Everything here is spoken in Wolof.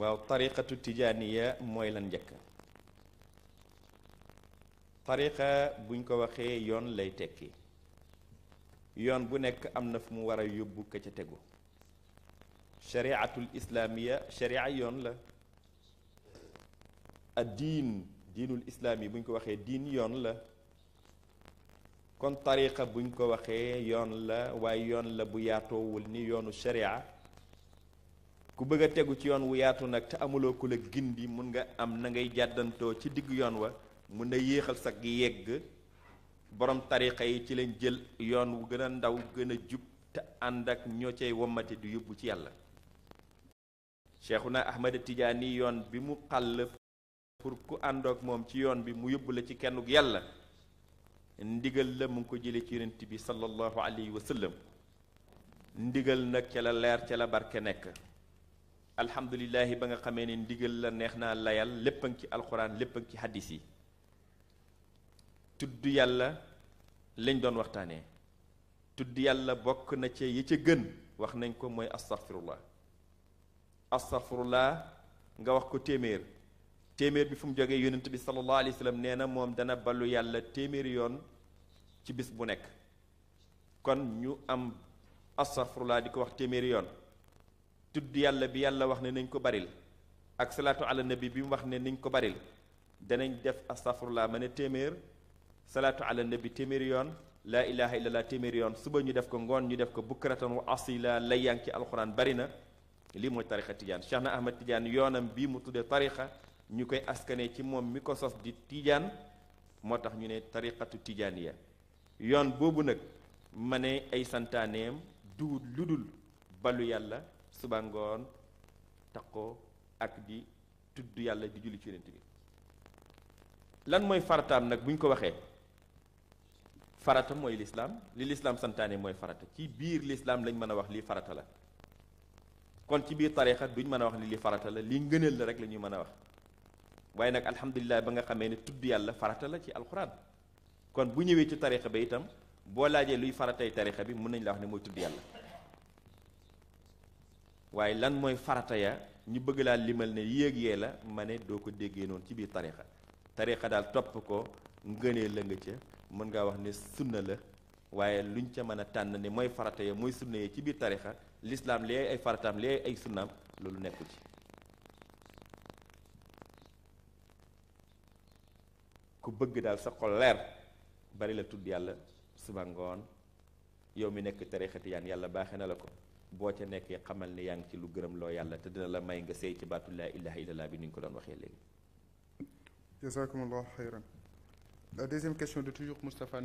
waaw tariqatu tijaaniya mooy lan njëkk tariqa buñ ko waxee yoon lay tekki yoon bu nekk am na fu mu war a yóbbu ka ca tegu shariatul islaamiya sharia yoon la addiin diinul islaam yi buñ ko waxee diin yoon la kon tariqa buñ ko waxee yoon la waaye yoon la bu yaatoowul ni yoonu sharia ku bëgg a tegu ci yoon wu yaatu nag te amuloo ko la gindi mun nga am na ngay jàddantoo ci diggu yoon wa mun na yéexal sax gi yegg boroom tariqa yi ci leen jël yoon wu gën a ndaw gën a jub te ànd ak ñoo cay wommate di yóbbu ci yàlla cheikhuna ahmad tijaani yoon bi mu xàll pour ku àndoog moom ci yoon bi mu yóbbu la ci kennug yàlla ndigal la mu ngi ko jële ci yonent bi sallallahu alayhi wa sallam ndigal nag ca la leer ca la barke nekk alhamdulilahi ba nga xamee ne ndigal la neex naa layal lépp a ci alxuraan lépp a ngi ci hadis yi tudd yàlla lañ doon waxtaanee tudd yàlla bokk na ci yi ca gën wax nañ ko mooy astaghfirullah astaghfirullah nga wax ko téeméer téeméer bi fu mu jógee yonent bi sallallahu alayhi nee na moom dana ballu yàlla téeméeri yoon ci bis bu nekk kon ñu am astaghfirullah di ko wax téeméeri yoon tudd yàlla bi yàlla wax ne nañ ko baril ak salaatu ala nabi bi mu wax ne nañ ko baril danañ def astafurlaa ma ne téeméer salaatu ala nabi téeméeri yoon laa ilaha illallah téeméeri yoon suba ñu def ko ngoon ñu def ko bukratan wa asila lay yang ci alxuraan bari na lii mooy tarixa tijaan Cheikh na Ahmad Tijaan yoonam bii mu tuddee tarixa ñu koy askanee ci moom mi ko sos di tijaan moo tax ñu ne tariqatu ya yoon boobu nag ma ay santaaneem du lu dul yàlla suba ngoon taqoo ak di tudd yàlla di julli ci yonent bi lan mooy farataam nag bu ñu ko waxee farata mooy lislaam li lislaam santaane mooy farata ci biir lislaam lañ mën a wax lii farata la kon ci biir tarixa duñ mën a wax ni lii farata la lii ngëneel la rek la ñuy mën a wax waaye nag alhamdulilah ba nga xamee ne tudd yàlla farata la ci alquran kon bu ñëwee ci tarixa ba itam boo laajee luy faratay tarixa bi mun nañ la wax ne mooy tudd yàlla waaye lan mooy farata ya ñu bëgg laa limal ne yéeg yee la ma ne doo ko déggee noonu ci biir tarixa tarixa daal topp ko ngënee la ca mën ngaa wax ne sunna la waaye luñ ca mën a tànn ne mooy farata ya mooy sunna ya ci biir tarixa lislaam lee ay farataam lee ay sunnaam loolu nekkul ci ku bëgg daal sa xol leer bari la tudd yàlla suba ngoon yow mi nekk tarixati yaan yàlla baaxe na la ko boo ca nekkee xamal ni yaa ngi ci lu gërëm loo yàlla te dina la may nga sëy ci baatu laa ilaha illallah bi ni ñu ko doon waxee léegi. La deuxième question